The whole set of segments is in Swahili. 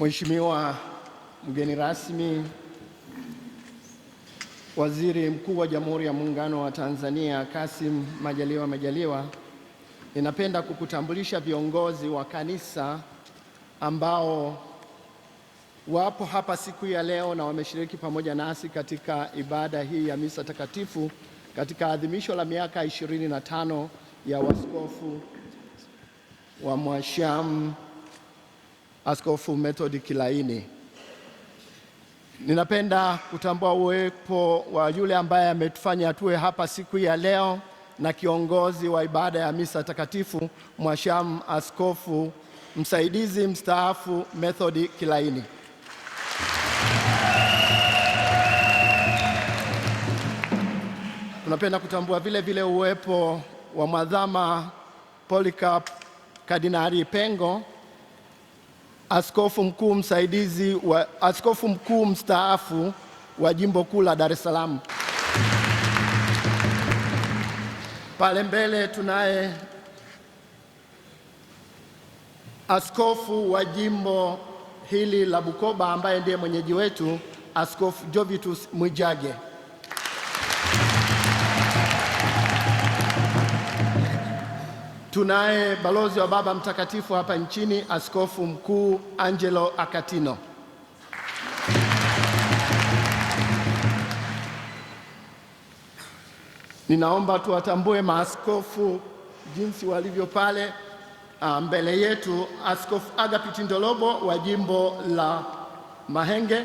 Mheshimiwa mgeni rasmi, Waziri Mkuu wa Jamhuri ya Muungano wa Tanzania Kassim Majaliwa Majaliwa, ninapenda kukutambulisha viongozi wa kanisa ambao wapo hapa siku ya leo na wameshiriki pamoja nasi katika ibada hii ya misa takatifu katika adhimisho la miaka 25 ya waskofu wa Mwashamu Askofu methodi Kilaini. Ninapenda kutambua uwepo wa yule ambaye ametufanya tuwe hapa siku ya leo na kiongozi wa ibada ya misa takatifu Mwashamu Askofu msaidizi mstaafu methodi Kilaini. Tunapenda kutambua vile vile uwepo wa mwadhama Polycarp Kardinali Pengo askofu mkuu msaidizi wa, askofu mkuu mstaafu wa jimbo kuu la Dar es Salaam. Pale mbele tunaye askofu wa jimbo hili la Bukoba ambaye ndiye mwenyeji wetu, Askofu Jovitus Mwijage. Tunaye balozi wa Baba Mtakatifu hapa nchini, Askofu Mkuu Angelo Akatino. Ninaomba tuwatambue maaskofu jinsi walivyo pale ah, mbele yetu. Askofu Agapiti Ndolobo wa jimbo la Mahenge,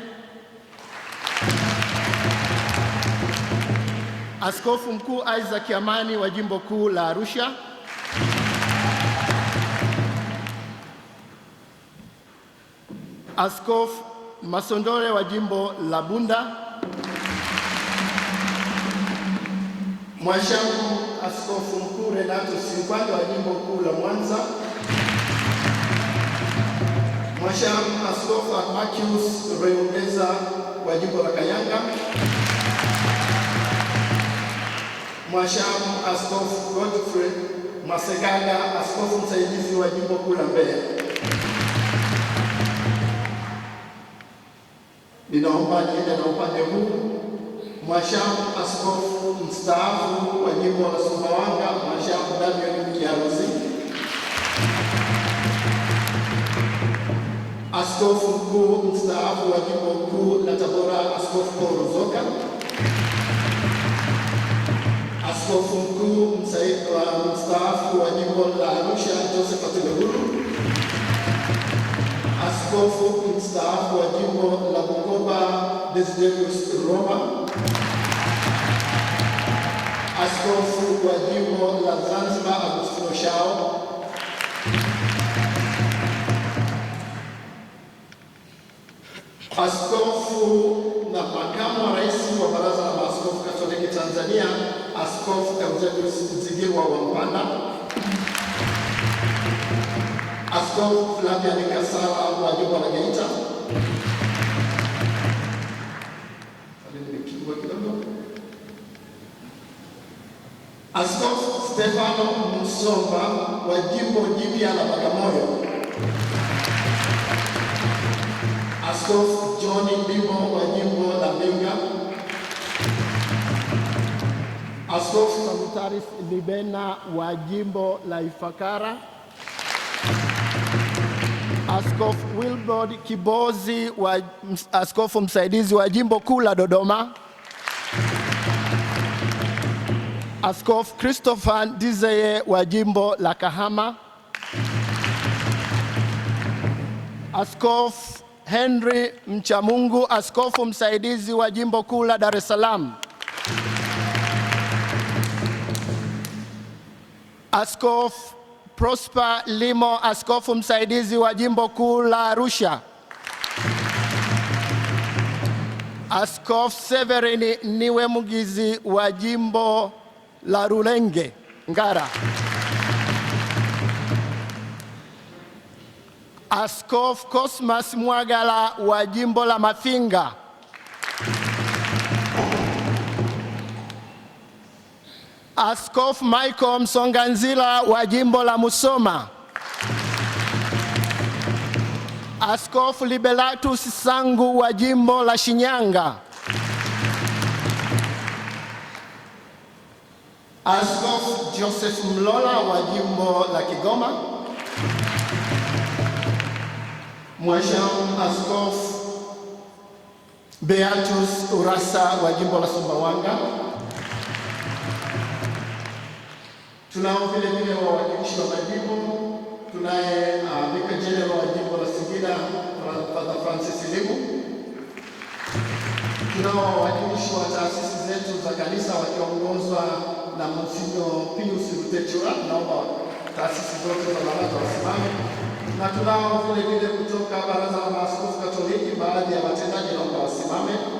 Askofu Mkuu Isaac Amani wa jimbo kuu la Arusha Askofu masondore wa jimbo la Bunda, Mwashamu Askofu Mkuu Renato Sinkwande wa jimbo kuu la Mwanza, Mwashamu Askofu Almachius Rweungeza wa jimbo la Kayanga, Mwashamu Askofu Godfrey Masekanga, askofu msaidizi wa jimbo kuu la Mbeya. Ninaomba niende na upande huu. Mwashamu askofu mstaafu wa jimbo la Sumbawanga, Mwashamu Damian Kiarusi, askofu mkuu mstaafu wa jimbo kuu la Tabora, Askofu Paul Ruzoka, askofu mkuu mstaafu wa jimbo la Arusha, Joseph Luguru askofu mstaafu wa jimbo la Bukoba Desiderius Roma, askofu wa jimbo la Zanzibar Agustino Shao, askofu na makamu wa rais wa Baraza la Maaskofu Katoliki Tanzania, Askofu Eusebius Zigirwa Wampanda Askofu Flavia Nikasala wa jimbo la Geita. Askofu Stefano Musomba wa jimbo jipya la Bagamoyo. Askofu John Bimo wa jimbo la Mbinga. Askofu Mtarif Libena wa jimbo la Ifakara. Askofu Wilbrod Kibozi wa askofu msaidizi wa Jimbo Kuu la Dodoma, Askofu Christopher Dizeye wa Jimbo la Kahama, Askofu Henry Mchamungu, askofu msaidizi wa Jimbo Kuu la Dar es Salaam, Askofu Prosper Limo, askofu msaidizi wa jimbo kuu la Arusha. Askofu niwe mugizi wa jimbo la Rulenge Ngara. Askofu Cosmas Mwagala wa jimbo la Mafinga. Askofu Michael Msonganzila wa jimbo la Musoma, Askofu Liberatus Sangu wa jimbo la Shinyanga, Askofu Joseph Mlola wa jimbo la Kigoma, Mhashamu Askofu Beatus Urasa wa jimbo la Sumbawanga Tunao vile vile wawakilishi wa majimbo, tunaye Bika ah, Jenerali wa jimbo la Singida Father Francis Limu. Tunao wawakilishi wa taasisi zetu za kanisa wakiongozwa na Monsinyo Pius Rutechura, naomba taasisi zote za baraza wasimame, na tunao vile vile kutoka Baraza la Maaskofu Katoliki, baadhi ya watendaji naomba wasimame.